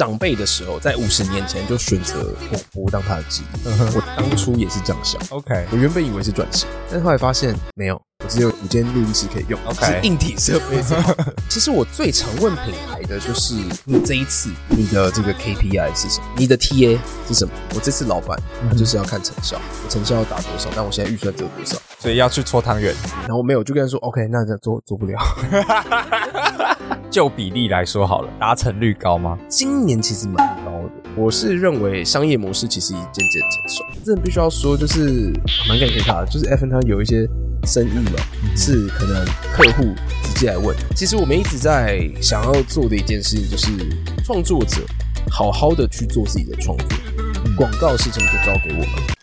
長輩的時候，在五十年前就選擇廣播當他的職業，我當初也是這樣想。OK，我原本以為是轉型，但是後來發現沒有，我只有五間錄音室可以用。OK，是硬體設備。其實我最常問品牌的就是你這一次你的這個 KPI 是什麼？你的 TA 是什麼？我這次老板就是要看成效，我成效要達多少？但我現在預算只有多少？所以要去搓湯圓，然後沒有，就跟他說，OK，那這做做不了。哈哈哈。就比例來說好了，達成率高嗎？今年其實蠻高的。我是認為商業模式其實已漸漸成熟。真的必須要說，就是蠻感謝他，就是 FM 他有一些生意嘛，mm -hmm. 是可能客戶直接來問。其實我們一直在想要做的一件事情，就是創作者好好的去做自己的創作，廣、mm -hmm. 告事情就交給我們。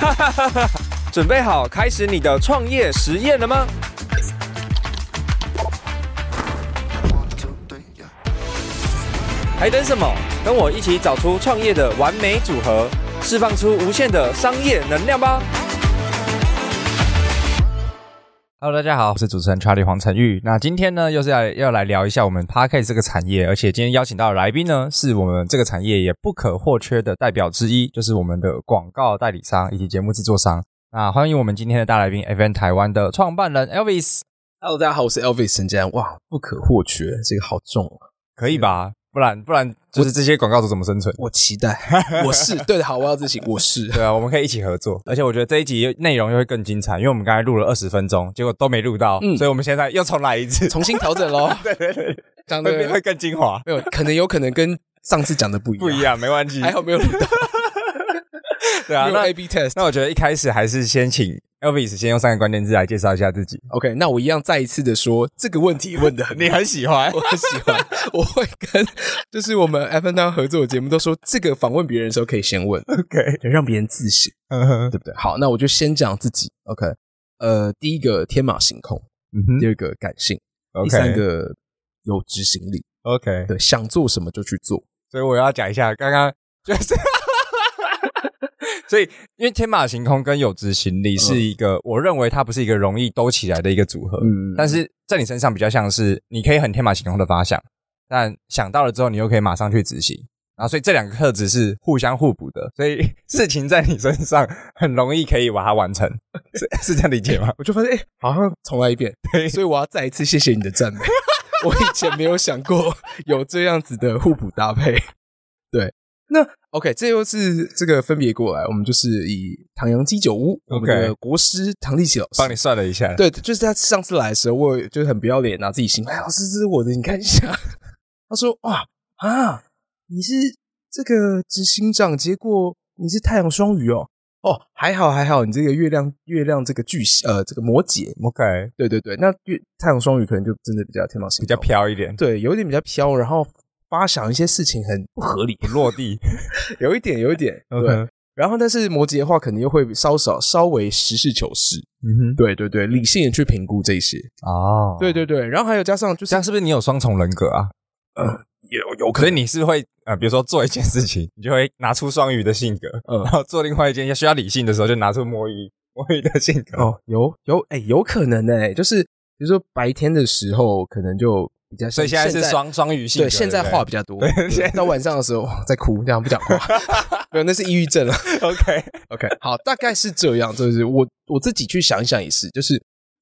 哈哈哈， 準備好開始你的創業實驗了嗎？還等什麼？跟我一起找出創業的完美組合，釋放出無限的商業能量吧！Hello，大家好，我是主持人 Charlie 黃成玉。那今天呢，又是要要來聊一下我們 Podcast 這個產業，而且今天邀請到的來賓呢，是我們這個產業也不可或缺的代表之一，就是我們的廣告代理商以及節目製作商。那歡迎我們今天的大來賓 FM 台灣的創辦人 Elvis。Hello，大家好，我是 Elvis 陳家。哇，不可或缺，這個好重啊，可以吧？不然不然，不然就是這些廣告主怎麼生存？我期待， 我是對的，好，我要自行，我是對啊，我們可以一起合作，而且我覺得這一集內容又會更精彩，因為我們剛才錄了二十分鐘，結果都沒錄到，嗯，所以我們現在又重來一次， 重新調整咯對對對，講的會，會更精華，沒有可能，有可能跟 上次講的不一樣，不一樣，沒關係，還好沒有錄到， 對啊，那 A B test，那我覺得一開始還是先請。Elvis，先用三個關鍵字來介紹一下自己。OK，那我一樣再一次的說，這個問題問的很 你很喜歡，我很喜歡。 我會跟就是我們 FMTaiwan 合作的節目都說， 這個訪問別人的時候可以先問，OK，就讓別人自信、嗯哼，對不對？好，那我就先講自己。OK，呃，第一個天馬行空，嗯、哼，第二個感性、okay，第三個有執行力。OK，對，想做什麼就去做。所以我要講一下，剛剛就是。 所以，因為天馬行空跟有執行力是一個、嗯，我認為它不是一個容易兜起來的一個組合。嗯。但是在你身上比較像是，你可以很天馬行空的發想，但想到了之後，你又可以馬上去執行。然、啊、後，所以這兩個特質是互相互補的，所以事情在你身上很容易可以把它完成。是是這樣理解嗎？ 我就發現，哎、欸，好像重來一遍。對，所以我要再一次謝謝你的讚美。 我以前沒有想過有這樣子的互補搭配。對。那 OK，這又是這個分別過來，我們就是以唐陽基酒屋 OK, 我們的國師唐立奇老師幫你算了一下，對，就是他上次來的時候，我就很不要臉拿、啊、自己心哎，老師這是我的，你看一下。他說：哇啊，你是這個執行長，結果你是太陽雙魚哦，哦還好還好，你這個月亮月亮這個巨蟹呃這個摩羯，OK，對對對，那月太陽雙魚可能就真的比較天馬星，比較飄一點，對，有點比較飄，然後。發想一些事情很不合理、不落地， 有一點，有一點。 對、嗯，然後但是摩羯的話，肯定又會稍稍稍微實事求是。嗯哼，對對對，理性的去評估這些啊、哦。對對對，然後還有加上就是，像是不是你有雙重人格啊？呃，有有，有可能你是會啊、呃，比如說做一件事情，你就會拿出雙魚的性格，嗯、然後做另外一件要需要理性的時候，就拿出摸魚摸魚的性格。哦，有有哎、欸，有可能哎、欸，就是比如說白天的時候，可能就。所以現在是雙雙語性，對，對，現在話比較多。對對，現在對，到晚上的時候哇，在哭，這樣不講話，對， 沒有，那是抑鬱症了。 OK，OK，okay. Okay, 好，大概是這樣，就是我我自己去想一想也是，就是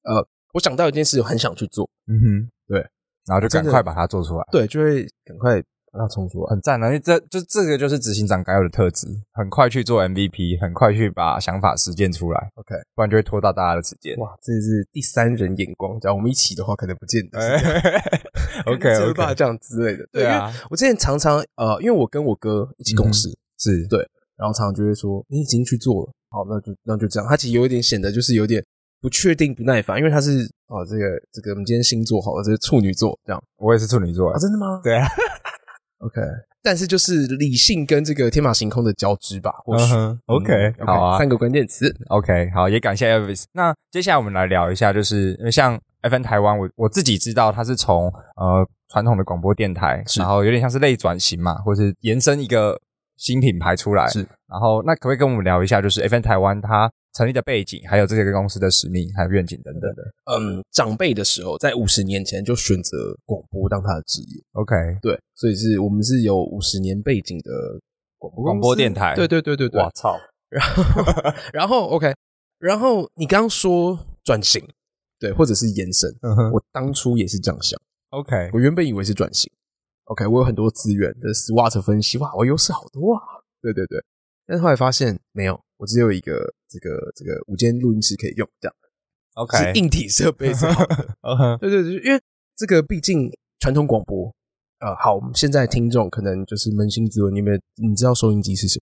呃，我想到一件事，我很想去做，嗯哼，對，然後就趕快把它做出來，對，就會趕快。那重說、啊，很讚啊！就這就這個就是執行長該有的特質，很快去做 MVP，很快去把想法實踐出來。OK，不然就會拖到大家的時間。哇，這是第三人眼光，只要我們一起的話，可能不見得。 OK，OK，okay, okay. 這樣之類的。對啊，okay. 因為我之前常常呃，因為我跟我哥一起共事、嗯，是對，然後常常就會說你已經去做了，好，那就那就這樣。他其實有一點顯得就是有點不確定、不耐煩，因為他是哦，這個這個我們今天星座好了，這是處女座這樣。我也是處女座啊、哦，真的嗎？對啊。OK，但是就是理性跟這個天馬行空的交織吧，或許哼、uh -huh. okay. 嗯、OK，好啊，三個關鍵詞。OK，好，也感謝 Elvis 那接下來我們來聊一下，就是因為像 FM 台灣，我我自己知道它是從呃傳統的廣播電台，然後有點像是類轉型嘛，或是延伸一個。新品牌出來是，然後那可不可以跟我們聊一下，就是 FM 台灣它成立的背景，還有這個公司的使命、還有願景等等的。嗯，長輩的時候在五十年前就選擇廣播當他的職業。OK，對，所以是我們是有五十年背景的廣播，廣播電台。對對對對對，我操！ 然後 然後 OK，然後你剛剛說轉型，對，或者是延伸、嗯哼。我當初也是這樣想。OK，我原本以為是轉型。OK，我有很多資源的、就是、SWAT 分析哇，我優勢好多啊！對對對，但是後來發現沒有，我只有一個這個這個五間錄音室可以用這樣的。OK，是硬體設備是嗎？ 對對，對，對，因為這個畢竟傳統廣播。呃，好，我們現在聽眾可能就是捫心自問，你有沒有？你知道收音機是什麼？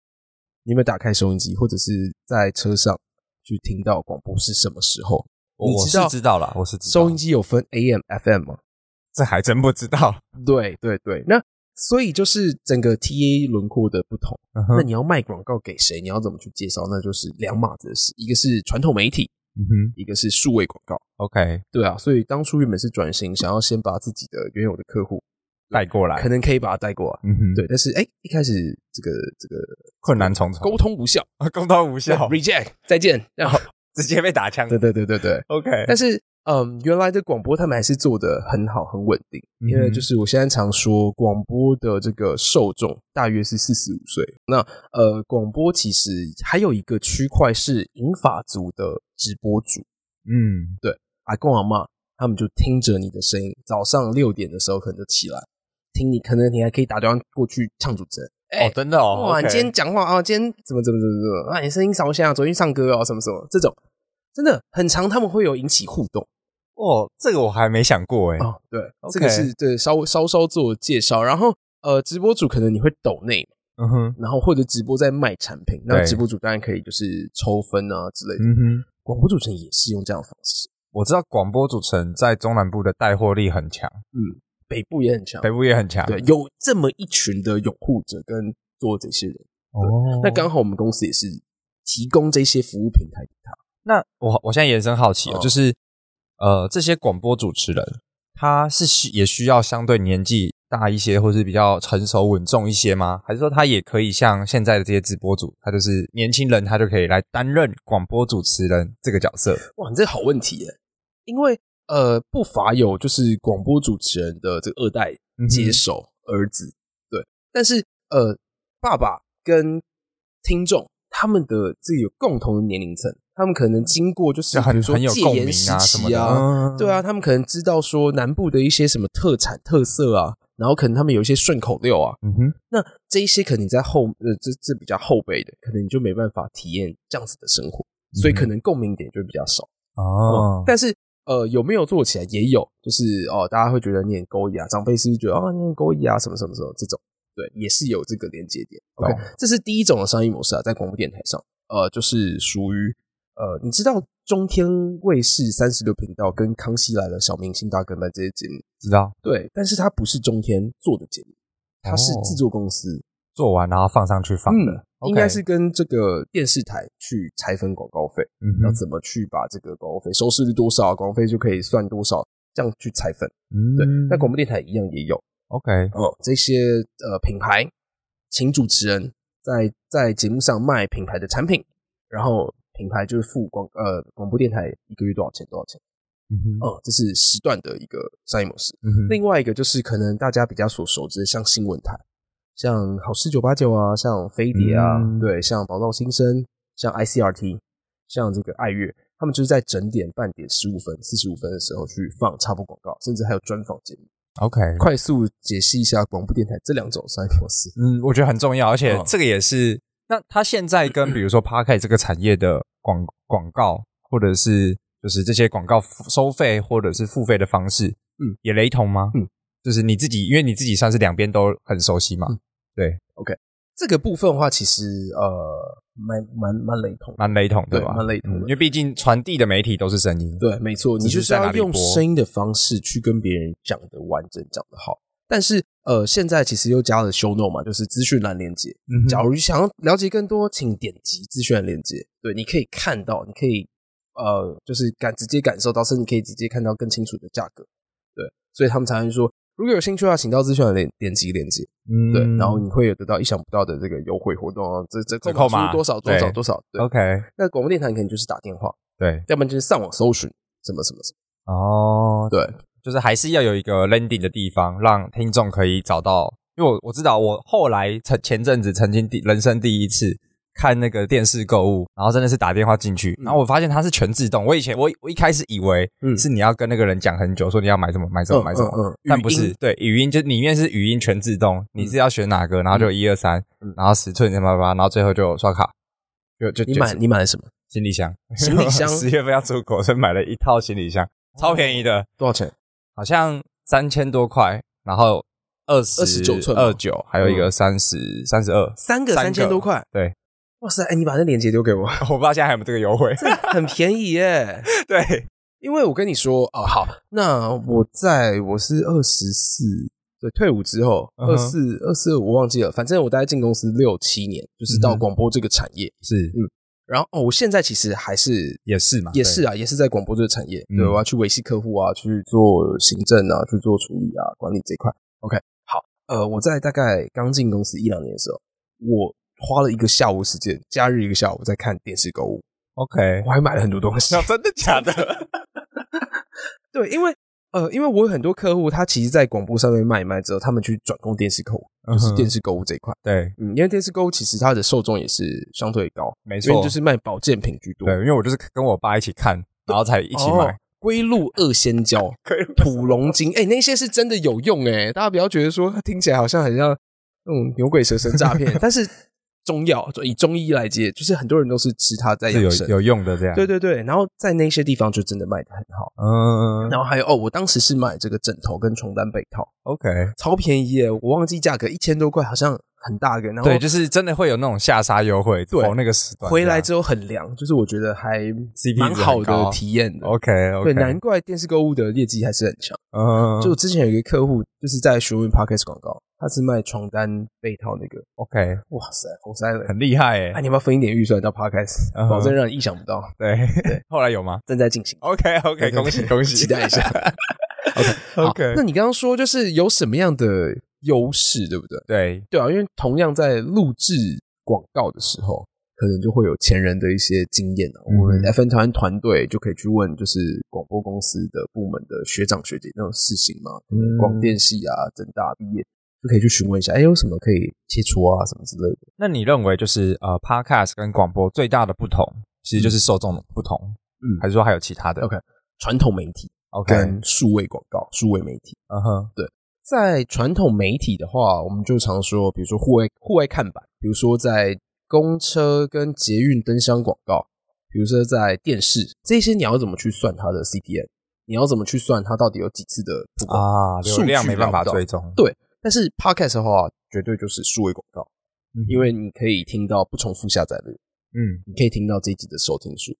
你有沒有打開收音機，或者是在車上去聽到廣播是什麼時候？我，知我是知道了，我是知道。收音機有分 AM、FM 嗎？這還真不知道。對對對，那所以就是整個 TA 輪廓的不同。Uh-huh. 那你要賣廣告給誰？你要怎麼去介紹？那就是兩碼子的事。一個是傳統媒體，嗯哼，一個是數位廣告。OK，對啊。所以當初原本是轉型，想要先把自己的原有的客戶帶過來，可能可以把它帶過來，嗯哼，對。但是哎，一開始這個這個困難重重，溝通無效，溝 通無效，reject，再見，然 後直接被打槍。 對對對對對、對，OK。但是。嗯，原來的廣播他們還是做得很好、很穩定、嗯，因為就是我現在常說，廣播的這個受眾大約是四十五歲。那呃，廣播其實還有一個區塊是銀髮族的直播主，嗯，對，阿公阿嬤，他們就聽着你的聲音，早上六點的時候可能就起來聽你，可能你還可以打電話過去唱主持人、欸。哦，真的哦，哇，okay，你今天講話啊，今天怎麼怎麼怎麼怎麼啊，你聲音些響、啊，昨天唱歌哦，什麼什麼這種。真的很常，他們會有引起互動哦。這個我還沒想過哎。哦，對，Okay. 這個是對稍微稍稍做介紹，然後呃，直播主可能你會抖內嘛，嗯哼，然後或者直播在賣產品，那直播主當然可以就是抽分啊之類的。嗯哼，廣播主持人也是用這樣的方式。我知道廣播主持人在中南部的帶貨力很強，嗯，北部也很強，北部也很強。對，有這麼一群的擁護者跟做這些人。哦，那剛好我們公司也是提供這些服務平台給他。那我我現在也是很好奇哦，就是，呃，這些廣播主持人，他是需也需要相對年紀大一些，或是比較成熟穩重一些嗎？還是說他也可以像現在的這些直播主，他就是年輕人，他就可以來擔任廣播主持人這個角色？哇，你這好問題耶！因為呃，不乏有就是廣播主持人的這個二代接手、嗯、兒子，對，但是呃，爸爸跟聽眾他們的這個有共同的年齡層。他們可能經過就是比如說戒嚴時期啊，對啊，他們可能知道說南部的一些什麼特產特色啊，然後可能他們有一些順口溜啊，嗯哼，那這一些可能你在後呃這這比較後輩的，可能你就沒辦法體驗這樣子的生活，所以可能共鳴點就比較少啊、嗯嗯，但是呃有沒有做起來也有，就是哦、呃、大家會覺得念勾一啊，長輩是，是覺得啊念勾一啊，什麼什麼什麼這種，對，也是有這個連接點。OK、嗯、這是第一種的商業模式啊，在廣播電台上，呃就是屬於。呃，你知道中天衛視三十六頻道跟《康熙來了》《小明星大跟班》這些節目？知道，對。但是它不是中天做的節目，它是制作公司、哦、做完然後放上去放的，嗯 okay、應該是跟這個電視台去拆分廣告費、嗯，要怎麼去把這個廣告費收視率多少，廣告費就可以算多少，這樣去拆分。嗯、對，那廣播電台一樣也有。OK，哦、呃，這些呃品牌，請主持人在在節目上賣品牌的產品，然後。品牌就是付廣呃廣播電台一個月多少錢多少錢，嗯，哼嗯，這是時段的一個商業模式。嗯哼，另外一個就是可能大家比較所熟知的像新聞台，像好事九八九啊，像飛碟啊、嗯，對，像寶島新生，像 ICRT，像這個愛樂，他們就是在整點半點十五分四十五分的時候去放插播廣告，甚至還有專訪節目。OK，快速解析一下廣播電台這兩種商業模式。嗯，我覺得很重要，而且這個也是。嗯、那他現在跟比如說 Park 這個產業的。廣廣告或者是就是這些廣告收費或者是付費的方式，嗯，也雷同嗎？嗯，就是你自己，因為你自己算是兩邊都很熟悉嘛。嗯、對，OK，這個部分的話，其實呃，蠻蠻蠻雷同，蠻雷同，對吧？蠻雷同的、嗯，因為畢竟傳遞的媒體都是聲音。對，沒錯，你就是要用聲音的方式去跟別人講得完整，講得好。但是，呃，現在其實又加了 “show note” 嘛，就是資訊欄鏈接。假如想要了解更多，請點擊資訊欄鏈接。對，你可以看到，你可以，呃，就是感直接感受到，甚至你可以直接看到更清楚的價格。對，所以他們才會說，如果有興趣的話，請到資訊欄點點擊鏈接。對、嗯，然後你會有得到意想不到的這個優惠活動啊，這這折扣多少多少多少。OK。那廣播電台，可能就是打電話，對，要不然就是上網搜尋什麼什麼什麼。哦，對。對就是還是要有一個 landing 的地方，讓聽眾可以找到。因為我我知道，我後來曾前陣子曾經第人生第一次看那個電視購物，然後真的是打電話進去，然後我發現它是全自動。我以前我我一開始以為是你要跟那個人講很久，說你要買什麼買什麼買什麼，但不是，對，語音就裡面是語音全自動，你是要選哪個，然後就一二三，然後十寸什麼什麼，然後最後就刷卡。就就你買你買了什麼？行李箱，行李箱。十月份要出國，所以買了一套行李箱，超便宜的，多少錢？好像三千多塊，然後二二十九寸二九，還有一個三十三十二，32, 三個三千多塊，對，哇塞！欸、你把那鏈接丟給我，我不知道現在還有沒有這個優惠，很便宜耶。 對，因為我跟你說啊、哦，好，那我在我是二十四，對，退伍之後二四二四，嗯、24, 24我忘記了，反正我大概進公司六七年，就是到廣播這個產業，嗯是嗯。然後哦，我現在其實還是也是嘛，也是啊，也是在廣播這個產業，對，我、嗯、要去維繫客戶啊，去做行政啊，去做處理啊，管理這一塊。OK，好，呃，我在大概剛進公司一兩年的時候，我花了一個下午時間，假日一個下午在看電視購物。OK，我還買了很多東西，啊、真的假的？ 對，因為呃，因為我有很多客戶，他其實，在廣播上面賣一賣之後，他們去轉攻電視購物。就是電視購物這一塊，嗯，對，嗯，因為電視購物其實它的受眾也是相對高，沒錯，因為就是賣保健品居多。對，因為我就是跟我爸一起看，然後才一起，哦，買龜鹿二仙膠、 土龍精，哎，欸，那些是真的有用哎，欸，大家不要覺得說聽起來好像很像那種，嗯、牛鬼蛇神詐騙， 但是。中藥，以中醫來接，就是很多人都是吃它在養生有有用的這樣。對對對，然後在那些地方就真的賣得很好，嗯。然後還有哦，我當時是買這個枕頭跟床單被套，OK，超便宜耶！我忘記價格一千多塊，好像很大個。然後對，就是真的會有那種下殺優惠，對、哦，那個時段回來之後很涼，就是我覺得還蠻好的體驗的。OK，, okay 對，難怪電視購物的業績還是很強。嗯，就我之前有一個客戶就是在詢問 Podcast 廣告。他是賣床單被套那個，OK，哇塞，紅三很厲害哎、欸！哎、啊，你要分一點預算到 Podcast 保證讓人意想不到。對， 對，後來有嗎？正在進行。OK，OK，okay, okay, 恭喜恭喜，期待一下。 OK，OK，okay, okay、okay. 那你剛剛說就是有什麼樣的優勢，對不對？對，對啊，因為同樣在錄製廣告的時候，可能就會有前人的一些經驗、嗯、我們 FM Taiwan 團隊就可以去問，就是廣播公司的部門的學長學姐那種事情嘛，嗯，廣電系啊，政大畢業。就可以去詢問一下，哎、欸，有什麼可以切除啊，什麼之類的？那你認為就是呃，Podcast 跟廣播最大的不同，其實就是受眾的不同，嗯，還是說還有其他的？OK，傳統媒體 OK，數位廣告、數、okay. 位媒體，嗯哼，對，在傳統媒體的話，我們就常說，比如說戶外戶外看板，比如說在公車跟捷運燈箱廣告，比如說在電視，這些你要怎麼去算它的 CPM，你要怎麼去算它到底有幾次的啊？流、uh -huh. 量沒辦法追蹤，對。但是 Podcast 的話，絕對就是數位廣告，嗯，因為你可以聽到不重複下載率，嗯，你可以聽到這一集的收聽數，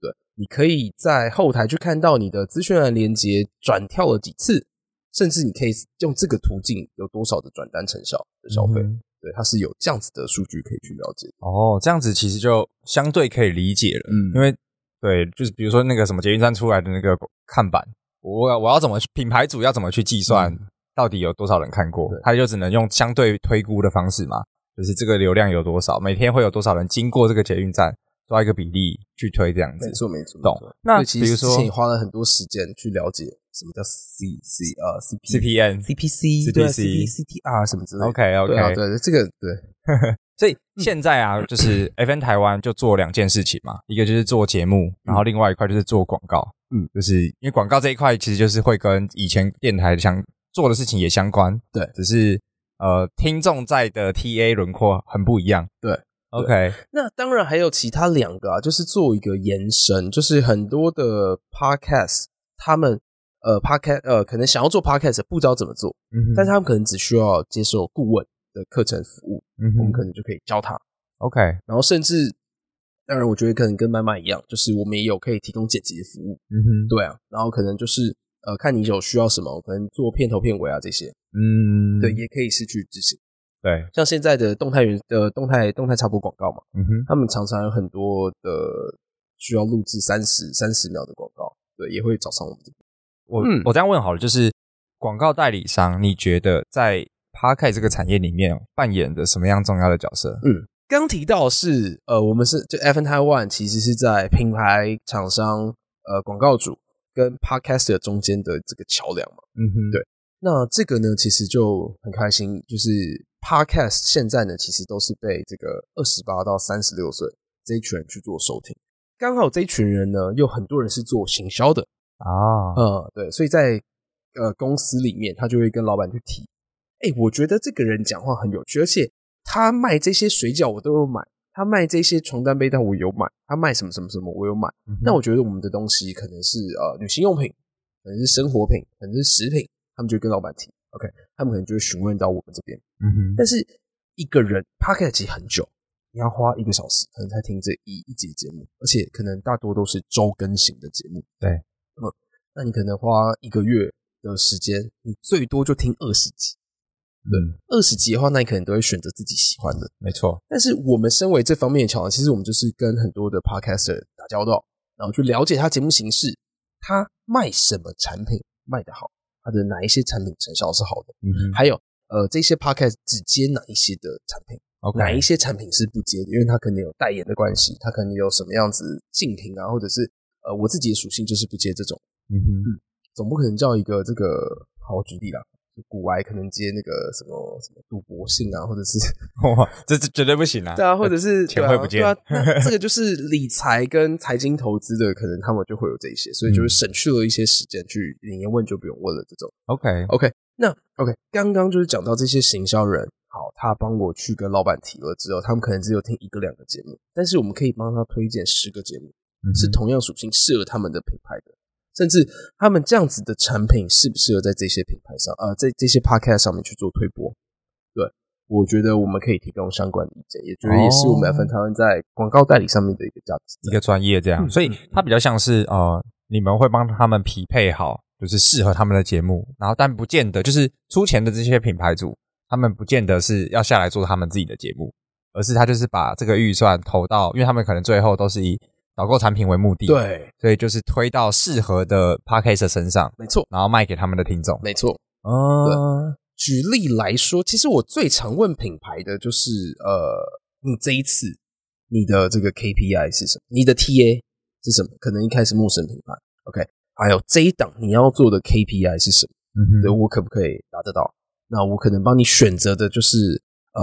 對，你可以在後台去看到你的資訊欄連接轉跳了幾次，甚至你可以用這個途徑有多少的轉單成效的消費，嗯，對，它是有這樣子的數據可以去了解。哦，這樣子其實就相對可以理解了，嗯，因為對，就是比如說那個什麼捷運站出來的那個看板，我我要怎麼去品牌組要怎麼去計算？嗯到底有多少人看過？他就只能用相對推估的方式嘛，就是這個流量有多少，每天會有多少人經過這個捷運站，抓一個比例去推這樣子。沒錯沒錯，懂。那其實說，請你花了很多時間去了解什麼叫 C C C C P N C P C C P C T R 什麼之類的。OK OK，對、啊、對這個對。 所以、嗯、現在啊，就是 FM 台灣就做兩件事情嘛，一個就是做節目、嗯，然後另外一塊就是做廣告。嗯，就是因為廣告這一塊，其實就是會跟以前電台相。做的事情也相關，對，只是呃，聽眾在的 TA 輪廓很不一樣，對，OK。對，OK。那當然還有其他兩個啊，就是做一個延伸，就是很多的 Podcast，他們呃 Podcast 呃可能想要做 Podcast 不知道怎麼做，嗯哼，但是他們可能只需要接受顧問的課程服務，嗯哼，我們可能就可以教他，OK。然後甚至當然，我覺得可能跟媽媽一樣，就是我們也有可以提供剪輯的服務，嗯哼，對啊，然後可能就是。呃，看你有需要什麼，可能做片頭、片尾啊這些，嗯，對，也可以是去執行。對，像現在的動態原的動態動態插播廣告嘛，嗯哼，他們常常有很多的需要錄製三十三十秒的廣告，對，也會找上我們這邊。我、嗯、我這樣問好了，就是廣告代理商，你覺得在 Podcast 這個產業裡面扮演的什麼樣重要的角色？嗯，剛提到是呃，我們是就 FMTaiwan 其實是在品牌廠商呃廣告主。跟 Podcast 中間的這個橋樑嘛，嗯哼，對，那這個呢，其實就很開心，就是 Podcast 現在呢，其實都是被這個二十八到三十六歲這一群人去做收聽，剛好這一群人呢，又很多人是做行銷的啊，哦，呃，對，所以在呃公司裡面，他就會跟老闆去提，誒、欸，我覺得這個人講話很有趣，而且他賣這些水餃我都有買。他賣這些床單被單，我有買；他賣什麼什麼什麼，我有買。但、嗯、我覺得我們的東西可能是呃旅行用品，可能是生活品，可能是食品，他們就會跟老板提，OK？他們可能就會詢問到我們這邊。嗯，但是一個人 Podcast 其實很久，你要花一個小時，可能才聽這一一集節,節目，而且可能大多都是周更新的節目。對。那、嗯、麼，那你可能花一個月的時間，你最多就聽二十集。對、嗯，二十級的話，那你可能都會選擇自己喜歡的，沒錯。但是我們身為這方面的橋樑，其實我們就是跟很多的 podcaster 打交道，然後去了解他節目形式，他賣什麼產品賣得好，他的哪一些產品成效是好的，嗯、哼還有呃這些 podcast 只接哪一些的產品，okay，哪一些產品是不接的，因為他可能有代言的關係，他可能有什麼樣子競品啊，或者是呃我自己的屬性就是不接這種，嗯哼，總不可能叫一個。這個好舉例啦。古玩可能接那個什麼什麼賭博性啊，或者是哇，這這絕對不行啊！對啊，或者是錢會不見、啊，啊、 這個就是理財跟財經投資的，可能他們就會有這些，所以就是省去了一些時間去、嗯、問，就不用問了這種。OK OK，那 OK，剛剛就是講到這些行銷人，好，他幫我去跟老板提了之後，他們可能只有聽一個兩個節目，但是我們可以幫他推薦十個節目、嗯，是同樣屬性適合他們的品牌的。甚至他們這樣子的產品適不適合在這些品牌上啊、呃，在這些 Podcast 上面去做推播？對，我覺得我們可以提供相關的意見，也覺得也是我們要分攤在廣告代理上面的一個價值，一個專業這樣。所以它比較像是啊、呃，你們會幫他們匹配好，就是適合他們的節目。然後但不見得就是出錢的這些品牌主，他們不見得是要下來做他們自己的節目，而是他就是把這個預算投到，因為他們可能最後都是以。導購產品為目的，對，所以就是推到適合的 podcast 的身上，沒錯，然後賣給他們的聽眾，沒錯。嗯、uh...，舉例來說，其實我最常問品牌的就是，呃，你這一次你的這個 KPI 是什麼？你的 TA 是什麼？可能一開始陌生品牌，OK，還有這一檔你要做的 KPI 是什麼？嗯哼，對我可不可以拿得到？那我可能幫你選擇的就是，呃，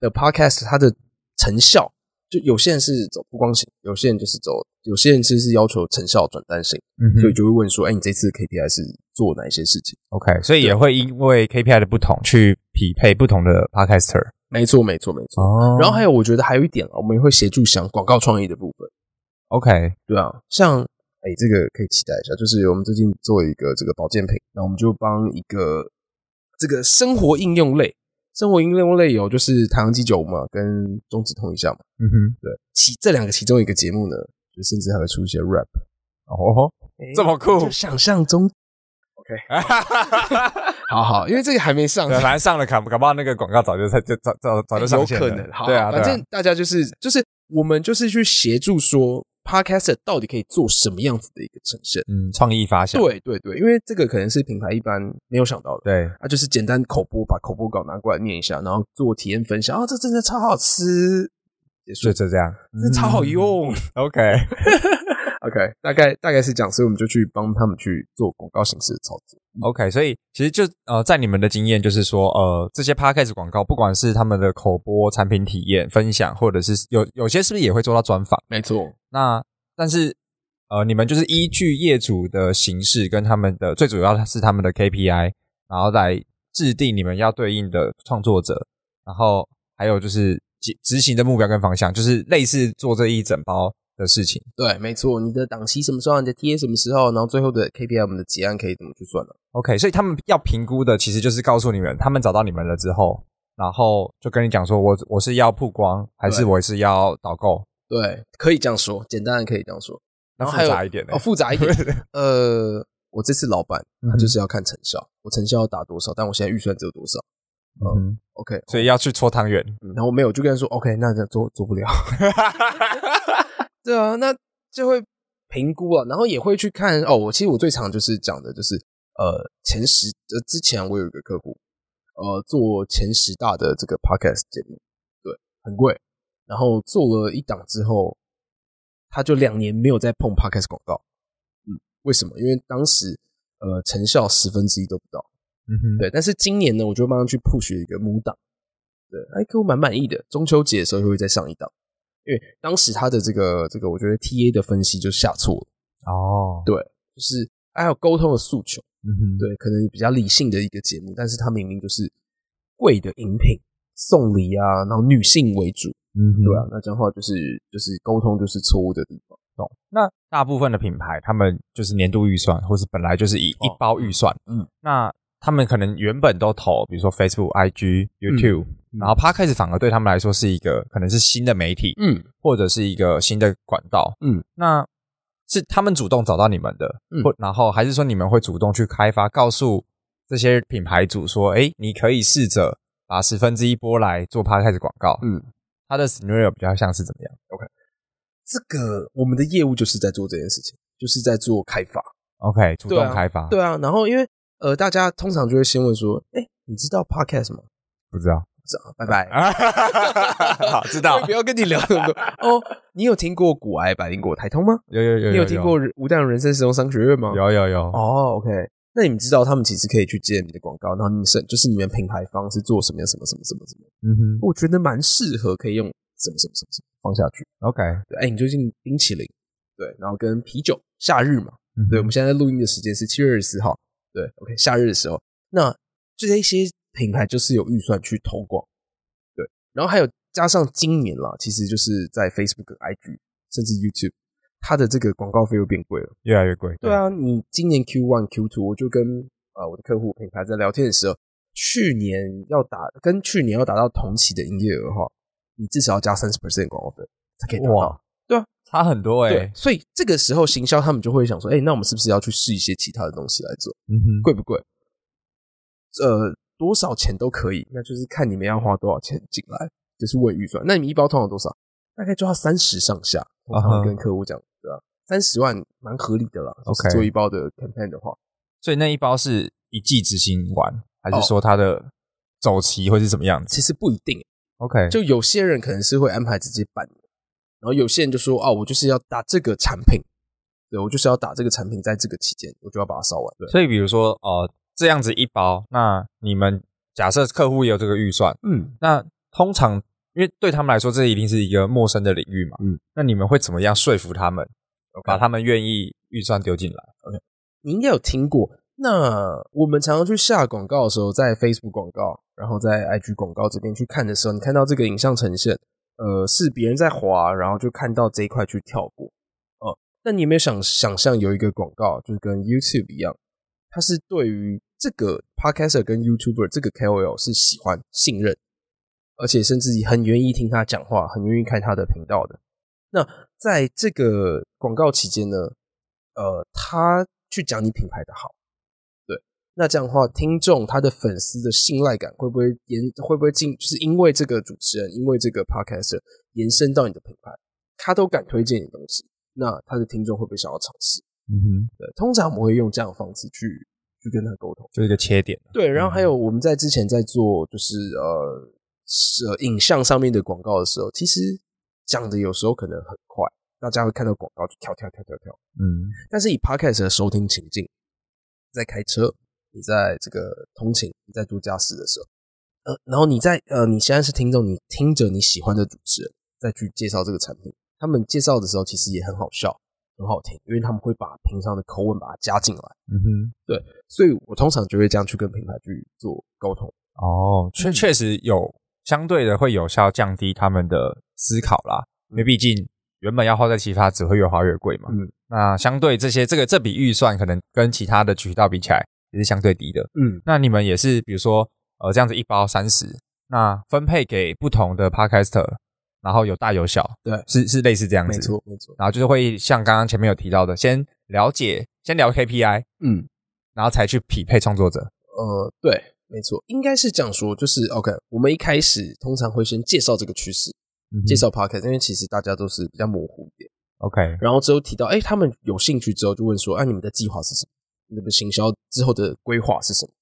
的 podcast 它的成效。就有些人是走曝光型，有些人就是走，有些人其實是要求成效轉單型，嗯，所以就會問說，哎、欸，你這次 KPI 是做哪些事情？OK，所以也會因為 KPI 的不同去匹配不同的 Podcaster。沒錯，沒錯，沒錯。哦，然後還有我覺得還有一點啊，我們也會協助想廣告創意的部分。OK，對啊，像哎、欸，這個可以期待一下，就是我們最近做一個這個保健品，那我們就幫一個這個生活應用類。生活音樂類有就是《太陽祭酒》嘛，跟中子通一下嘛。嗯哼，對其這兩個其中一個節目呢，就甚至還會出一些 rap。哦，哦這麼酷！欸、就想象中。OK。 好好，因為這個還沒上，本來上了，搞搞不好那個廣告早就才就早早早就上線了。有可能，好，對啊，反正大家就是、啊啊、就是我們就是去協助說。Podcaster 到底可以做什麼樣子的一個呈現？嗯，創意發想。對對對，因為這個可能是品牌一般沒有想到的。對啊，就是簡單口播，把口播稿拿過來念一下,然後做體驗分享。啊，這真的超好吃，所以就這樣。這超好用，嗯，OK。 OK，大概大概是講，所以我們就去幫他們去做廣告形式的操作。OK，所以其實就呃，在你們的經驗就是說，呃，這些 Podcast 廣告，不管是他們的口播、產品體驗分享，或者是有有些是不是也會做到專訪？沒錯。那但是呃，你們就是依據業主的形式跟他們的最主要，是他們的 KPI，然後來制定你們要對應的創作者，然後還有就是執執行的目標跟方向，就是類似做這一整包的事情，對，沒錯。你的檔期什麼時候？你的貼什麼時候？然後最後的 KPI 我們的結案可以怎麼去算呢？OK，所以他們要評估的其實就是告訴你們，他們找到你們了之後，然後就跟你講說，我我是要曝光，還是我也是要導購？對，可以這樣說，簡單的可以這樣說。然後，然後還有複雜一點、欸、哦，複雜一點。 呃，我這次老板 他就是要看成效，我成效要打多少，但我現在預算只有多少？嗯，OK，所以要去搓湯圓、嗯。然後沒有就跟他說，OK，那就做做不了。 對啊，那就會評估啊，然後也會去看哦。我其實我最常就是講的，就是呃前十呃之前我有一個客戶，呃做前十大的這個 podcast 節目，對，很貴，然後做了一檔之後，他就兩年沒有再碰 podcast 廣告，嗯，為什麼？因為當時呃成效十分之一都不到，嗯哼，對。但是今年呢，我就會幫他去 push 一個母檔，對，誒，客戶蠻滿意的。中秋節的時候就會再上一檔。因為當時他的這個這個，我覺得 TA 的分析就下錯了哦，對，就是還有溝通的訴求，嗯哼，對，可能比較理性的一個節目，但是他明明就是貴的飲品，嗯，送禮啊，然後女性為主，嗯哼，對啊，那這樣的話就是就是溝通就是錯誤的地方。那大部分的品牌，他們就是年度預算，或是本來就是以一包預算，哦，嗯，那。他們可能原本都投，比如說 Facebook、IG，YouTube、嗯、IG、YouTube，然後 Podcast 反而對他們來說是一個可能是新的媒體，嗯，或者是一個新的管道，嗯，那是他們主動找到你們的，嗯，然後還是說你們會主動去開發，告訴這些品牌主說，哎，你可以試着把十分之一波來做 Podcast 廣告，嗯，他的 scenario 比較像是怎麼樣？OK，這個我們的業務就是在做這件事情，就是在做開發，OK，主動開發，對啊，對啊，然後因為。呃，大家通常就會先問說：“哎、欸，你知道 podcast 嗎？”“不知道，不知道。”“拜拜。 ”“ 好，知道。”“不要跟你聊那麼多。”“哦，你有聽過股癌百靈果台通嗎？”“有，有，有，有。”“你有聽過吳淡如人生實用商學院嗎？”“有，有，有，有、哦。”“哦，OK。那你們知道他們其實可以去接你的廣告，然後你是就是你們品牌方是做什麼、什麼什麼什麼什麼什麼？嗯哼，我覺得蠻適合可以用什麼、什麼什麼什麼放下去。OK。哎、欸，你最近冰淇淋對，然後跟啤酒夏日嘛、嗯，對，我們現在錄音的時間是七月二十四號。”對，OK，夏日的時候，那這些一些品牌就是有預算去投廣，對，然後還有加上今年啦，其實就是在 Facebook、IG 甚至 YouTube，它的這個廣告費又變貴了，越來越貴。對啊，對，你今年 Q one、Q two，我就跟啊、呃、我的客戶品牌在聊天的時候，去年要打跟去年要達到同期的營業額的話，你至少要加三十 percent 廣告費才可以。哇對啊，差很多哎、欸。對，所以這個時候行銷他們就會想說，哎，那我們是不是要去試一些其他的東西來做？嗯哼，貴不貴？呃，多少錢都可以，那就是看你們要花多少錢進來，就是未預算。那你們一包通常多少？大概就要三十上下。我跟客戶講，uh -huh. 對啊，三十萬蠻合理的啦。OK，就是、做一包的 campaign 的話，okay. 所以那一包是一季執行完、哦，還是說它的走期，或是怎麼樣子？其實不一定。OK，就有些人可能是會安排直接辦。然後有些人就說：“哦，我就是要打這個產品，對我就是要打這個產品，在這個期間，我就要把它燒完。對。”所以，比如說，哦、呃，這樣子一包，那你們假設客戶也有這個預算，嗯，那通常因為對他們來說，這一定是一個陌生的領域嘛，嗯，那你們會怎麼樣說服他們，okay、把他們願意預算丟進來？OK，你應該有聽過。那我們常常去下廣告的時候，在 Facebook 廣告，然後在 IG 廣告這邊去看的時候，你看到這個影像呈現。呃，是別人在滑，然後就看到這一塊去跳過。呃，那你有沒有想想象有一個廣告，就是跟 YouTube 一樣，它是對於這個 Podcaster 跟 YouTuber 這個 KOL 是喜歡、信任，而且甚至很願意聽他講話，很願意看他的頻道的。那在這個廣告期間呢，呃，他去講你品牌的好。那這樣的話，聽眾他的粉絲的信賴感會不會延？會不會進？就是因為這個主持人，因為這個 podcaster 延伸到你的品牌，他都敢推薦你的東西。那他的聽眾會不會想要嘗試？嗯哼，對。通常我們會用這樣的方式去去跟他溝通，就是一個切點。對。然後還有我們在之前在做就是、嗯、呃影像上面的廣告的時候，其實講的有時候可能很快，大家會看到廣告就跳跳跳跳跳跳。嗯。但是以 podcast 的收聽情境，在開車。你在這個通勤，你在度假時的時候，呃，然後你在呃，你現在是聽眾，你聽着你喜歡的主持人再去介紹這個產品，他們介紹的時候其實也很好笑，很好聽，因為他們會把平常的口吻把它加進來。嗯哼，對，所以我通常就會這樣去跟品牌去做溝通。哦，確、嗯、確實有相對的會有效降低他們的思考啦，因為畢竟原本要花在其他只會越花越貴嘛。嗯，那相對這些這個這筆預算，可能跟其他的渠道比起來。也是相對低的，嗯，那你們也是，比如說，呃，這樣子一包三十，那分配給不同的 Podcaster，然後有大有小，對，是是類似這樣子，沒錯沒錯，然後就是會像剛剛前面有提到的，先了解，先聊 KPI，嗯，然後才去匹配創作者，呃，對，沒錯，應該是這樣說，就是 OK，我們一開始通常會先介紹這個趨勢，嗯，介紹 Podcast，因為其實大家都是比較模糊一點，OK，然後之後提到，哎，欸，他們有興趣之後就問說，哎，啊，你們的計劃是什麼？那個行銷之後的規劃是什麼？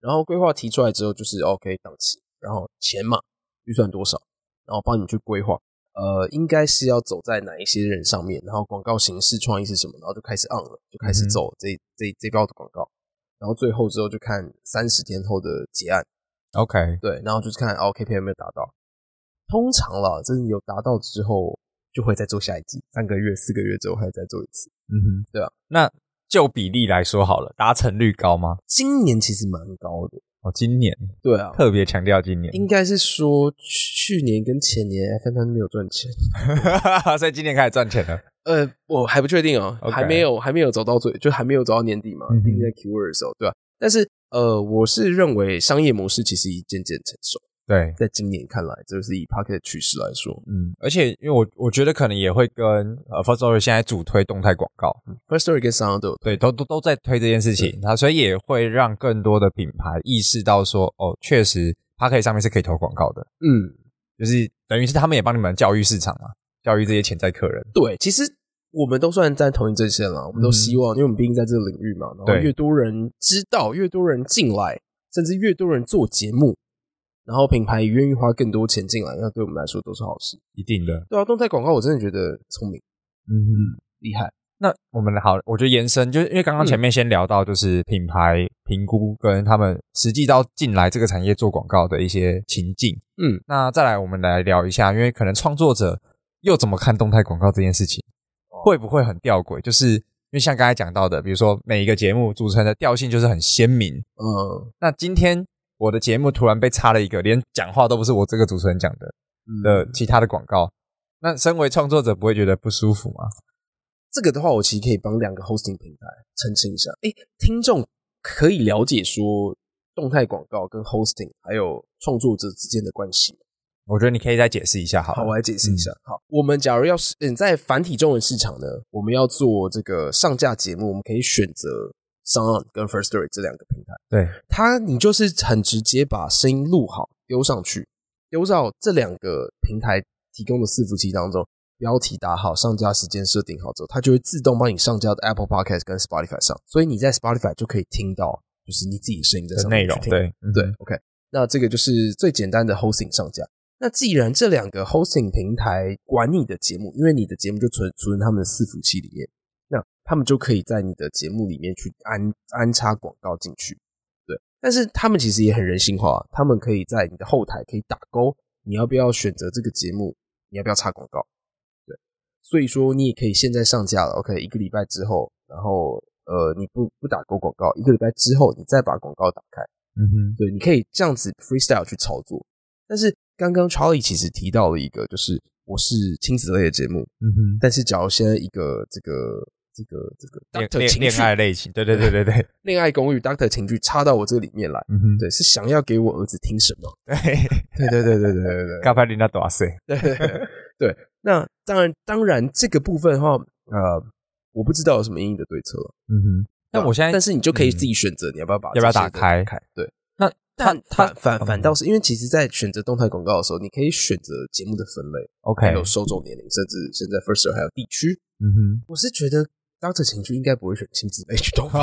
然後規劃提出來之後，就是 OK 檔期，然後錢嘛，預算多少，然後幫你去規劃，呃，應該是要走在哪一些人上面，然後廣告形式創意是什麼，然後就開始 on 了，就開始走這、嗯、這這包的廣告，然後最後之後就看三十天後的結案，OK，對，然後就是看 OKPM 有沒有達到，通常啦，真的有達到之後，就會再做下一季，三個月、四個月之後還要再做一次，嗯哼，對啊，那。就比例來說好了，達成率高嗎？今年其實蠻高的哦。今年對啊，特別強調今年。應該是說去年跟前年哎，紛紛沒有賺錢，哈 哈，所以今年開始賺錢了。呃，我還不確定哦、okay，還沒有，還沒有走到最，就還沒有走到年底嘛。今、嗯、在 Q 二的時候，對吧、啊？但是呃，我是認為商業模式其實已漸漸成熟，對，在今年看來，這、就是以 Podcast 的趨勢來說，嗯，而且因為我我覺得可能也會跟呃，Firstory 現在主推動態廣告，Firstory 跟 Sound 對，都都都在推這件事情，那所以也會讓更多的品牌意識到說，哦，確實 Podcast 上面是可以投廣告的，嗯，就是等於是他們也幫你們教育市場嘛、啊，教育這些潛在客人。對，其實我們都算在同一陣線了，我們都希望，嗯、因為我們畢竟在這個領域嘛，然後越多人知道，越多人進來，甚至越多人做節目。然後品牌也願意花更多錢進來，那對我們來說都是好事，一定的。對啊，動態廣告我真的覺得聰明，嗯，厲害。那我們好，我覺得延伸，就是因為剛剛前面先聊到，就是品牌評估跟他們實際到進來這個產業做廣告的一些情境。嗯，那再來我們來聊一下，因為可能創作者又怎麼看動態廣告這件事情，哦、會不會很吊詭？就是因為像剛才講到的，比如說每一個節目組成的調性就是很鮮明。嗯，那今天。我的節目突然被插了一個，連講話都不是我這個主持人講的、嗯、的其他的廣告，那身為創作者不會覺得不舒服嗎？這個的話，我其實可以幫兩個 hosting 平台澄清一下。哎，聽眾可以了解說，動態廣告跟 hosting 還有創作者之間的關係。我覺得你可以再解釋一下，好。好，我來解釋一下。嗯、好，我們假如要是嗯，在繁體中文市場呢，我們要做這個上架節目，我們可以選擇。SoundOn 跟 Firstory 這兩個平台，對它，你就是很直接把聲音錄好丟上去，丟到這兩個平台提供的伺服器當中，標題打好，上架時間設定好之後，它就會自動幫你上架到 Apple Podcast 跟 Spotify 上，所以你在 Spotify 就可以聽到，就是你自己聲音的內容。對對，嗯哼，OK，那這個就是最簡單的 Hosting 上架。那既然這兩個 Hosting 平台管你的節目，因為你的節目就存儲存在他們的伺服器裡面，他們就可以在你的節目裡面去安安插廣告進去，對。但是他們其實也很人性化，他們可以在你的後台可以打勾，你要不要選擇這個節目？你要不要插廣告？對。所以說你也可以現在上架了，OK？一個禮拜之後，然後呃，你不不打勾廣告，一個禮拜之後你再把廣告打開，嗯哼。對，你可以這樣子 freestyle 去操作。但是剛剛 Charlie 其實提到了一個，就是我是親子類的節目，嗯哼。但是假如現在一個這個。這個這個 Dr. 情緒類型，對對對對對，對，戀愛公寓 Dr. 情緒插到我這裡面來，對，對，是想要給我兒子聽什麼 ？對對對對對對， 對對對對對對對對，對對，對， 那當然當然這個部分的話，呃，我不知道有什麼應有的對策，嗯哼、嗯，但我現在、嗯，但是你就可以自己選擇，你要不要把要不要打開？對，對，那他他反反倒是、嗯、因為，其實，在選擇動態廣告的時候，你可以選擇節目的分類，OK，有受眾年齡，甚至現在 Firstory 還還有地區，嗯哼，我是覺得。當時情緒應該不會選親子類去投放，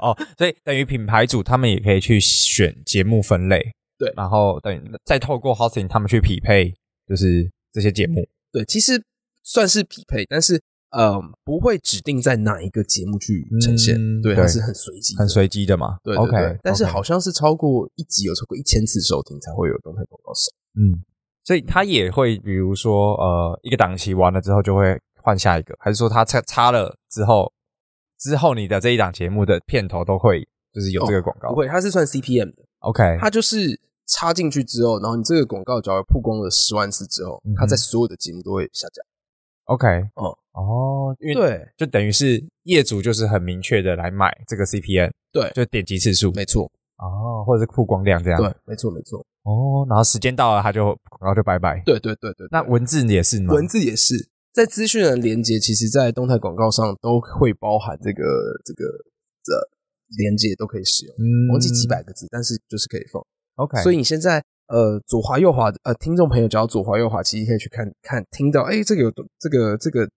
哦，所以等於品牌主他們也可以去選節目分類，對，然後等於再透過 hosting 他們去匹配，就是這些節目，對，其實算是匹配，但是呃不會指定在哪一個節目去呈現，嗯、對，對對對，是很隨機，很隨機的嘛，對，OK，對，但是好像是超過一集有超過一千次收聽才會有動態廣告上，嗯，所以他也會比如說呃一個檔期完了之後就會。換下一個，還是說他插插了之後，之後你的這一檔節目的片頭都會就是有這個廣告，oh, 不會，它是算 CPM 的。OK，它就是插進去之後，然後你這個廣告只要曝光了十萬次之後，mm -hmm. 它在所有的節目都會下架。OK，嗯，哦，對，就等於是業主就是很明確的來買這個 CPM，對，就點擊次數，沒錯，哦、oh,，或者是曝光量這樣，對，沒錯沒錯，哦、oh,，然後時間到了，他就廣告就拜拜，對對對對，對，那文字也是呢？文字也是。在資訊的連接，其實，在動態廣告上都會包含這個、這個、這連接都可以使用，忘記幾百個字、嗯，但是就是可以放。OK，所以你現在呃左滑右滑，呃聽眾朋友只要左滑右滑，其實可以去看看，聽到哎、欸、這個有這個這個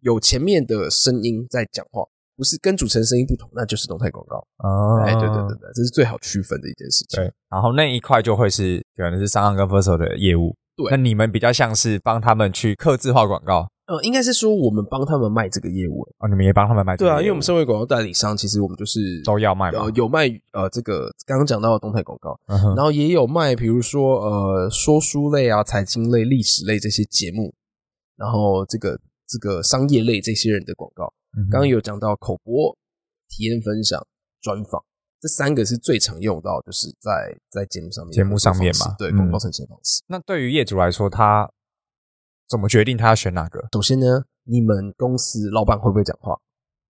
有前面的聲音在講話，不是跟主持人聲音不同，那就是動態廣告。哦、欸，對對對對，這是最好區分的一件事情。對，然後那一塊就會是可能是 SoundOn 跟 Firstory 的業務。對，那你們比較像是幫他們去客製化廣告？呃，應該是說我們幫他們賣這個業務啊、哦，你們也幫他們賣這個業務？對啊，因為我們身為廣告代理商，其實我們就是都要賣嘛。呃、有賣呃這個剛剛講到的動態廣告、嗯，然後也有賣比如說呃說書類啊、財經類、歷史類這些節目，然後這個這個商業類這些人的廣告。嗯、剛剛有講到口播、體驗分享、專訪。這三個是最常用到，就是在在節目上面節目上面嘛，對，嗯，廣告呈現方式。那對於業主來說，他怎麼決定他要選哪個？首先呢，你們公司老板會不會講話？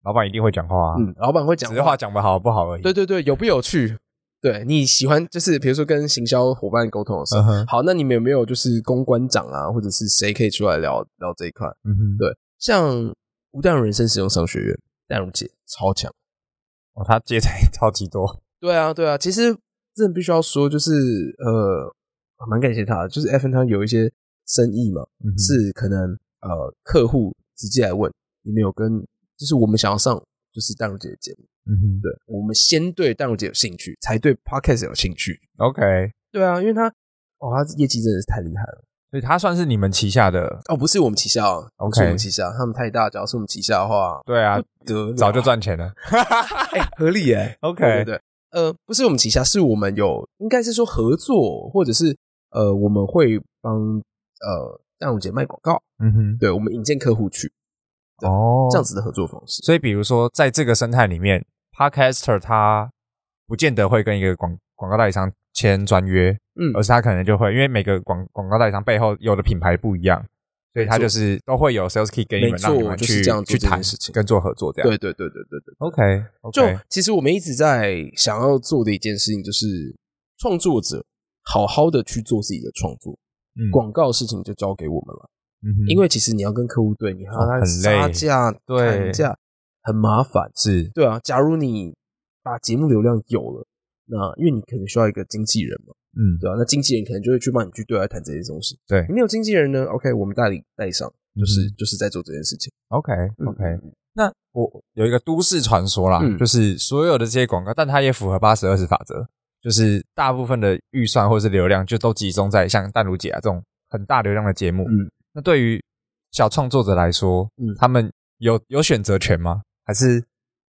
老板一定會講話啊，嗯，老板會講話，只是話講不好不好而已。對對對，有不有趣？對，你喜歡就是比如說跟行銷夥伴溝通的時候，嗯哼。好，那你們有沒有就是公關長啊，或者是誰可以出來聊聊這一塊？嗯哼，對，像吳淡如人生實用商學院，淡如姐超強。哦，他接單超級多。對啊，對啊，其實真的必須要說，就是呃，蠻、啊、感謝他，的，就是 FMTaiwan 有一些生意嘛，嗯、是可能呃客戶直接來問，你們有跟，就是我們想要上，就是戴茹姐的節目，嗯哼，對，我們先對戴茹姐有興趣，才對 podcast 有興趣。OK，對啊，因為他，哦，他業績真的是太厲害了。所以他算是你們旗下的哦？不是我們旗下，啊、哦、okay，不是我們旗下，他們太大，只要是我們旗下的話，對啊，得早就賺錢了， 欸、合理耶、欸。o、okay、k、okay，嗯、對，對，呃，不是我們旗下，是我們有，應該是說合作，或者是呃，我們會幫呃，張榮姐們賣廣告，嗯哼，對，我們引薦客戶去，哦，這樣子的合作方式，所以比如說在這個生態裡面，Podcaster 他不見得會跟一個廣廣告代理商簽專約，嗯，而是他可能就會，因為每個廣廣告代理商背後有的品牌不一樣，所以他就是都會有 sales kit 給你們，沒錯，就是這樣去談事情，跟做合作這樣，對對對對對對，對 o、okay, k、okay, 就其實我們一直在想要做的一件事情，就是創作者好好的去做自己的創作，廣、嗯、告的事情就交給我們了，嗯，因為其實你要跟客戶對，你讓他殺價砍價很麻煩，是對啊。假如你把節目流量有了。那因為你可能需要一個經紀人嘛，嗯，對吧、啊？那經紀人可能就會去幫你去對外談這些東西。對，你沒有經紀人呢，OK，我們代理帶上、嗯，就是就是在做這件事情。OK，OK、okay, okay. 嗯。那我有一個都市傳說啦、嗯，就是所有的這些廣告，但它也符合八十二十法則，就是大部分的預算或是流量就都集中在像淡如姐啊這種很大流量的節目。嗯，那對於小創作者來說，嗯，他們有有選擇權嗎？還是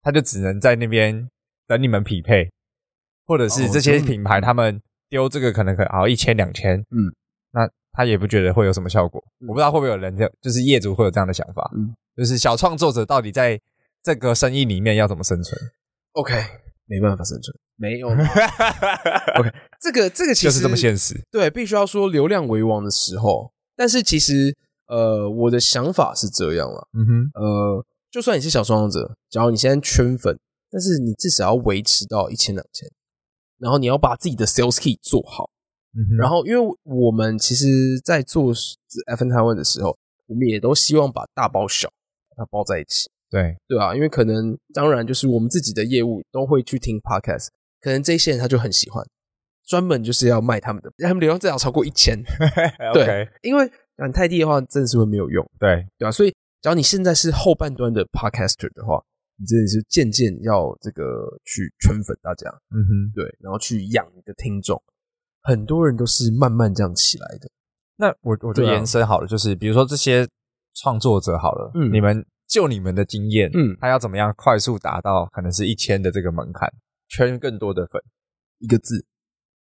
他就只能在那邊等你們匹配？或者是這些品牌，他們丟這個可能可能好像一千兩千，嗯，那他也不覺得會有什麼效果。嗯、我不知道會不會有人就就是業主會有這樣的想法，嗯，就是小創作者到底在這個生意裡面要怎麼生存？OK，沒辦法生存，沒有 ，OK，這個這個其實就是這麼現實，對，必須要說流量為王的時候。但是其實呃，我的想法是這樣了，嗯哼，呃，就算你是小創作者，只要你先圈粉，但是你至少要維持到一千兩千。然後你要把自己的 sales key 做好，嗯、然後因為我們其實，在做 FMTaiwan 的時候，我們也都希望把大包小，把它包在一起，對對吧、啊？因為可能，當然就是我們自己的業務都會去聽 podcast，可能這些人他就很喜歡，專門就是要賣他們的，他們流量至少超過一千， 對、okay，因為講太低的話，真的是會沒有用，對對吧、啊？所以，假如你現在是後半端的 podcaster 的話。你真的是漸漸要這個去圈粉大家，嗯哼，對，然後去養你的聽眾。很多人都是慢慢這樣起來的。那我我就延伸好了，就的、就是比如說這些創作者好了，嗯，你們就你們的經驗，嗯，他要怎麼樣快速達到可能是一千的這個門檻，圈更多的粉？一個字，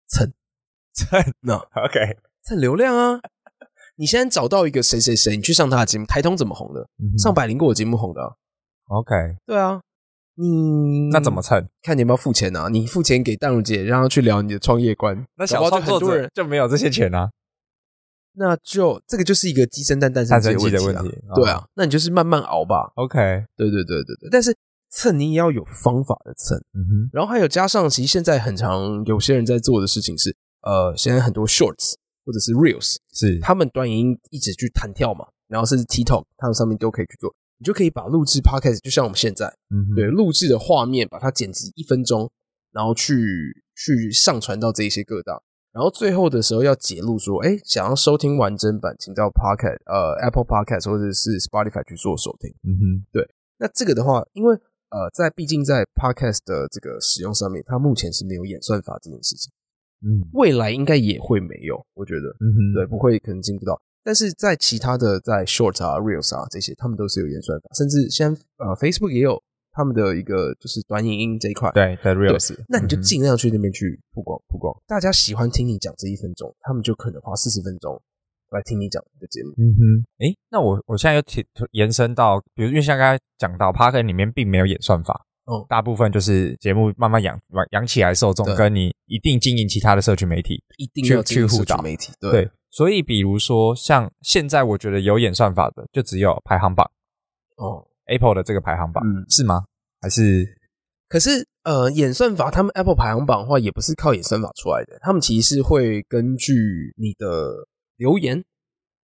蹭。蹭呢？OK，蹭流量啊！你現在找到一個誰誰誰，誰，你去上他的節目，台通怎麼紅的？上百靈果我節目紅的、啊。OK，對啊，你那怎麼蹭？看你要不要付錢呢、啊？你付錢給淡如姐，讓她去聊你的創業觀。那小創作者就很多人就沒有這些錢啊？那就這個就是一個雞生蛋，蛋生雞的問題、哦。對啊，那你就是慢慢熬吧。OK，對對對對對。但是蹭你也要有方法的蹭、嗯。然後還有加上，其實現在很常有些人在做的事情是，呃，現在很多 shorts 或者是 reels，是他們端音一直去彈跳嘛，然後甚至 TikTok，他們上面都可以去做。你就可以把錄製 Podcast，就像我們現在，嗯、對，錄製的畫面把它剪輯一分鐘，然後去去上傳到這一些各大，然後最後的時候要揭露說，哎、欸，想要收聽完整版，請到 Podcast，呃，Apple Podcast 或者是 Spotify 去做收聽。嗯哼，對，那這個的話，因為呃，在畢竟在 Podcast 的這個使用上面，它目前是沒有演算法這件事情，嗯，未來應該也會沒有，我覺得，嗯哼，對，不會可能進步到。但是在其他的在 short 啊 reels 啊這些，他們都是有演算法，甚至像呃 Facebook 也有他們的一個就是短影音、音這一塊。對，在 reels。那你就盡量去那邊去曝光曝光。嗯，大家喜歡聽你講這一分鐘，他們就可能花四十分鐘來聽你講你的節目。嗯哼。哎、欸，那我我現在又提延伸到，比如因為像剛才講到 Parker 裡面並沒有演算法，哦、嗯，大部分就是節目慢慢養養起來受眾，受眾跟你一定經營其他的社群媒體，一定要去互區媒體，對。對所以，比如說，像現在我覺得有演算法的，就只有排行榜哦，Apple 的這個排行榜，嗯，是嗎？還是？可是，呃，演算法他們 Apple 排行榜的話，也不是靠演算法出來的，他們其實是會根據你的留言、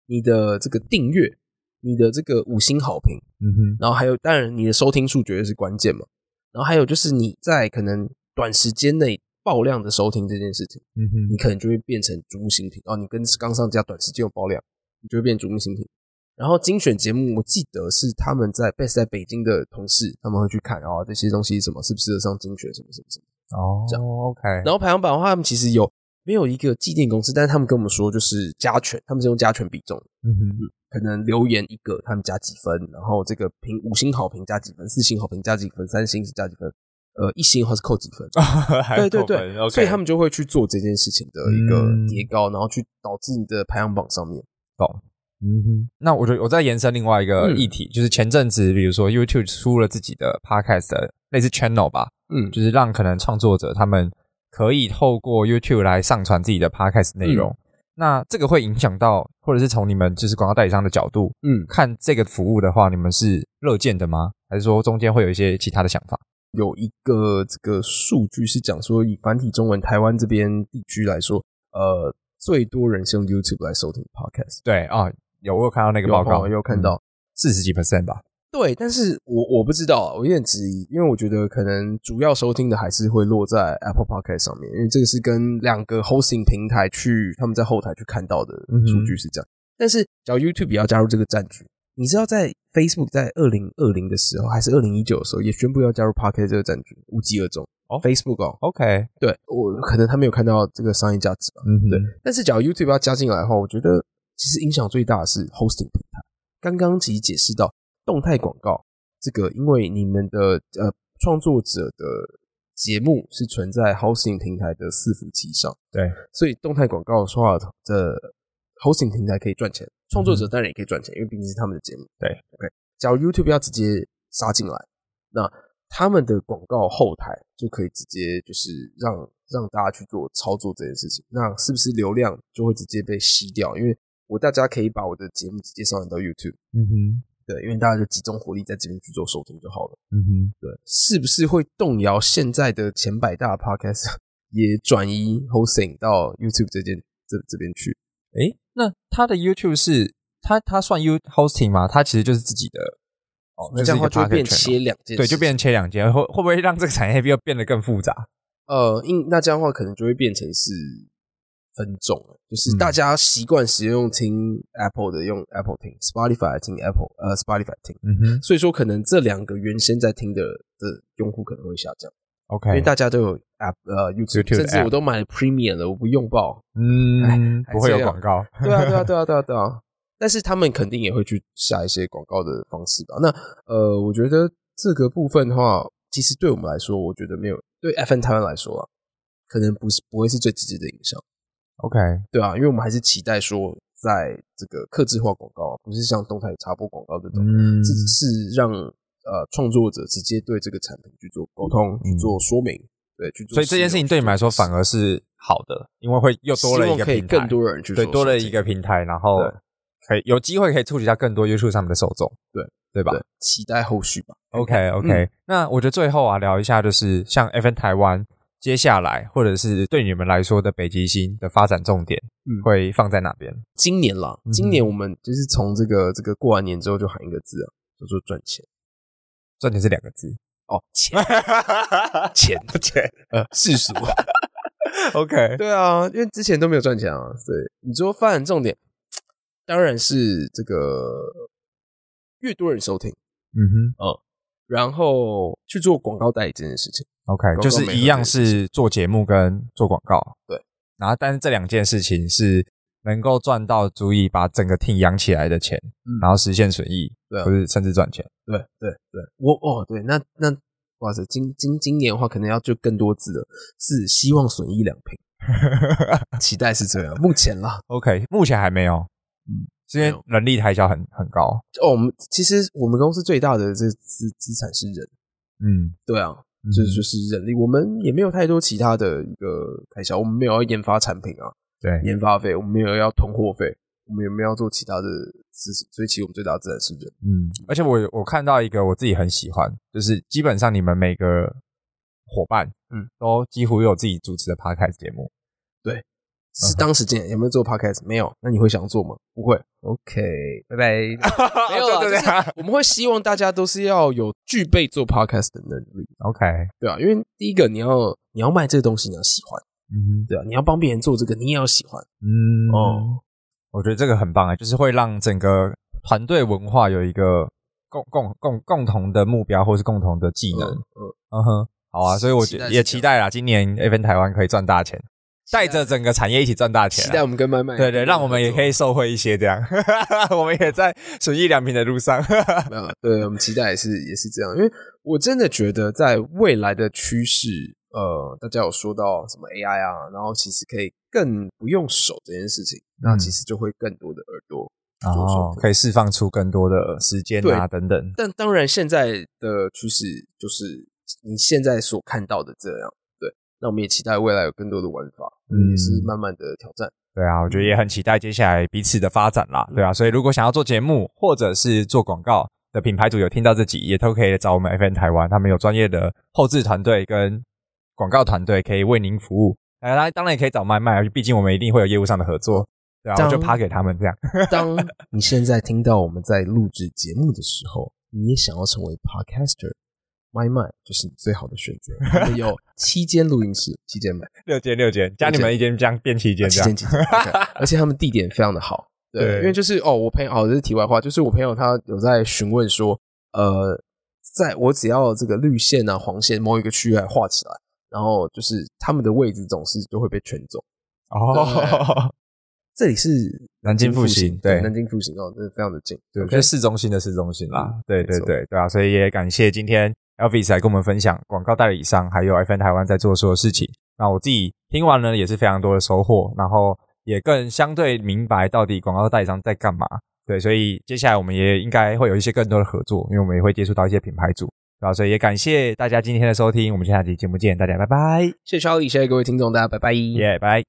你的這個訂閱、你的這個五星好評，嗯哼，然後還有當然你的收聽數絕對是關鍵嘛，然後還有就是你在可能短時間內。爆量的收聽這件事情，嗯哼，你可能就會變成矚目新品哦。然後你跟剛上架短時間有爆量，你就會變矚目新品。然後精選節目，我記得是他們在 base 在北京的同事，他們會去看，哦，這些東西是什麼是不是適合上精選，什麼什麼什麼哦,、啊、哦。OK。然後排行榜的話，他們其實有沒有一個既定公司？但是他們跟我們說就是加權，他們是用加權比重的，嗯哼哼、嗯，可能留言一個他們加幾分，然後這個評五星好評加幾分，四星好評加幾分，三星是加幾分。呃，一星或是扣幾分？ 分對對對、okay，所以他們就會去做這件事情的一個疊高，然後去導致你的排行榜上面哦。嗯哼，那我覺得我再延伸另外一個議題，嗯、就是前陣子比如說 YouTube 出了自己的 Podcast 的類似 Channel 吧，嗯，就是讓可能創作者他們可以透過 YouTube 來上傳自己的 Podcast 內容、嗯。那這個會影響到，或者是從你們就是廣告代理商的角度，嗯，看這個服務的話，你們是樂見的嗎？還是說中間會有一些其他的想法？有一個這個數據是講說，以繁體中文台灣這邊地區來說，呃，最多人是用 YouTube 來收聽的 Podcast。對啊，哦，有，我有看到那個報告。有，哦，有看到，四十幾 percent 吧。對，但是我我不知道，我有點質疑，因為我覺得可能主要收聽的還是會落在 Apple Podcast 上面，因為這個是跟兩個 Hosting 平台去他們在後台去看到的數據是這樣。嗯，但是，只要 YouTube 也要加入這個戰局。你知道在 Facebook 在二零二零的時候，還是二零一九的時候，也宣布要加入 Podcast 這個戰局，無疾而終。Oh, Facebook 哦，OK，對，我可能他沒有看到這個商業價值吧。嗯，對。但是假如 YouTube 要加進來的話，我覺得其實影響最大的是 Hosting 平台。剛剛其實解釋到動態廣告這個，因為你們的呃創作者的節目是存在 Hosting 平台的伺服器上，對，對所以動態廣告說好的。Hosting 平台可以賺錢，創作者當然也可以賺錢，嗯，因為畢竟是他們的節目。對，OK。假如 YouTube 要直接殺進來，那他們的廣告後台就可以直接就是讓讓大家去做操作這件事情。那是不是流量就會直接被吸掉？因為我大家可以把我的節目直接上傳到 YouTube。嗯哼，對，因為大家就集中火力在這邊去做收聽就好了。嗯哼，對，是不是會動搖現在的前百大 Podcast 也轉移 Hosting 到 YouTube 這件這這邊去？誒、欸。那他的 YouTube 是他他算 U Hosting 嗎？他其實就是自己的哦。那這樣的話就會變切兩件，對，就變成切兩件，會會不會讓這個產業變得更複雜？呃，因那這樣的話可能就會變成是分眾，就是大家習慣使用聽 Apple 的，用 Apple 聽、嗯、Spotify 聽 Apple，呃，Spotify 聽，嗯哼，所以說可能這兩個原先在聽的的用戶可能會下降，OK，因為大家都有。呃、uh, YouTube，YouTube，甚至我都買了 Premium 了，我不用報，嗯，不會有廣告，對啊，對啊，對啊，對啊，對啊， 但是他們肯定也會去下一些廣告的方式吧？那呃，我覺得這個部分的話，其實對我們來說，我覺得沒有對 FMTaiwan 來說啊，可能不是不會是最直接的影響，OK，對啊，因為我們還是期待說，在這個客制化廣告，不是像動態插播廣告這種，只、嗯、是，是讓呃創作者直接對這個產品去做溝通、嗯、去做說明。對，所以這件事情對你們來說反而是好的，因為會又多了一個平台，可以更多人去做，對，多了一個平台，然後可以有機會可以觸及到更多 YouTube 上面的受眾，對對吧？對？期待後續吧。OK OK、嗯、那我覺得最後啊聊一下，就是像 FM 台灣接下來或者是對你們來說的北極星的發展重點、嗯、會放在哪邊？今年啦，今年我們就是從這個這個過完年之後就喊一個字啊，叫做賺錢，賺錢是兩個字。哦，錢錢錢，呃，世俗。 OK，對啊，因為之前都沒有賺錢啊。對，你說發展重點，當然是這個越多人收聽，嗯哼，嗯，然後去做廣告代理這件事情。OK，就是一樣是做節目跟做廣告，對。然後，但是這兩件事情是。能夠賺到足以把整個 team 養起來的錢，嗯、然後實現損益，啊、甚至賺錢。對對對，對，我哦對，那那哇塞，今今今年的話，可能要就更多字了，是希望損益兩平， 期待是這樣。目前啦，OK，目前還沒有，嗯，因為人力開銷很很高。哦，我們其實我們公司最大的資，資產是人，嗯，對啊、嗯，就是就是人力，我們也沒有太多其他的一個開銷，我們沒有要研發產品啊。對，研發費，我們沒有要囤貨費，我們也沒有要做其他的事情，所以其實我們最大的資源是人。嗯，而且我我看到一個我自己很喜歡，就是基本上你們每個夥伴，嗯，都幾乎有自己主持的 podcast 節目。對，是當時見，有沒有做 podcast？、嗯、沒有。那你會想做嗎？不會。OK，拜拜。 沒有，對不對？就是、我們會希望大家都是要有具備做 podcast 的能力。OK，對啊，因為第一個你要你要賣這個東西，你要喜歡。.嗯，對啊，你要幫別人做這個，你也要喜歡。嗯哦，我覺得這個很棒啊，就是會讓整個團隊文化有一個共共共共同的目標，或是共同的技能。嗯嗯，嗯哼，好啊，所以我覺得也期待啊、嗯。今年 FM 台灣可以賺大錢，帶着整個產業一起賺大錢。期待我們跟麥麥，對對，讓我們也可以受惠一些，這樣。嗯 嗯嗯、 我們也在損益兩平的路上。嗯， 對，我們期待也是也是這樣，因為我真的覺得在未來的趨勢。呃，大家有說到什麼 AI 啊，然後其實可以更不用手這件事情，那、嗯、其實就會更多的耳朵哦，可以釋放出更多的時間啊、嗯、等等。但當然現在的趨、就、勢、是、就是你現在所看到的這樣，對。那我們也期待未來有更多的玩法，嗯，也是慢慢的挑戰。對啊，我覺得也很期待接下來彼此的發展啦。嗯、對啊，所以如果想要做節目或者是做廣告的品牌主有聽到這集，也都可以找我們 FM 台灣，他們有專業的後製團隊跟。廣告團隊可以為您服務，來來，當然也可以找麥麥，畢竟我們一定會有業務上的合作，對、啊、就趴給他們這樣。當你現在聽到我們在錄制節目的時候，你也想要成為 Podcaster，麥麥就是你最好的選擇。 有七間錄音室，七間麥？六間，六間，加你們一間，這樣變七間,、啊、七間，七間七間。 而且他們地點非常的好，對，對因為就是哦，我朋友哦，這、就是題外話，就是我朋友他有在詢問說，呃，在我只要這個綠線啊、黃線某一個區域還畫起來。然後就是他們的位置總是都會被圈走哦、啊。這裡是南京復興，對南京復興，京復興哦，真的非常的近，對，是市中心的市中心啦、嗯。對對對對，對，對，對，對，對啊，所以也感謝今天 Elvis 來跟我們分享廣告代理商還有 FM 台灣在做所有事情。那我自己聽完了也是非常多的收穫，然後也更相對明白到底廣告代理商在幹嘛。對，所以接下來我們也應該會有一些更多的合作，因為我們也會接觸到一些品牌主。所以也感謝大家今天的收聽，我們下集節目見，大家拜拜！謝謝 Charlie，謝謝各位聽眾，大家拜拜！耶，拜！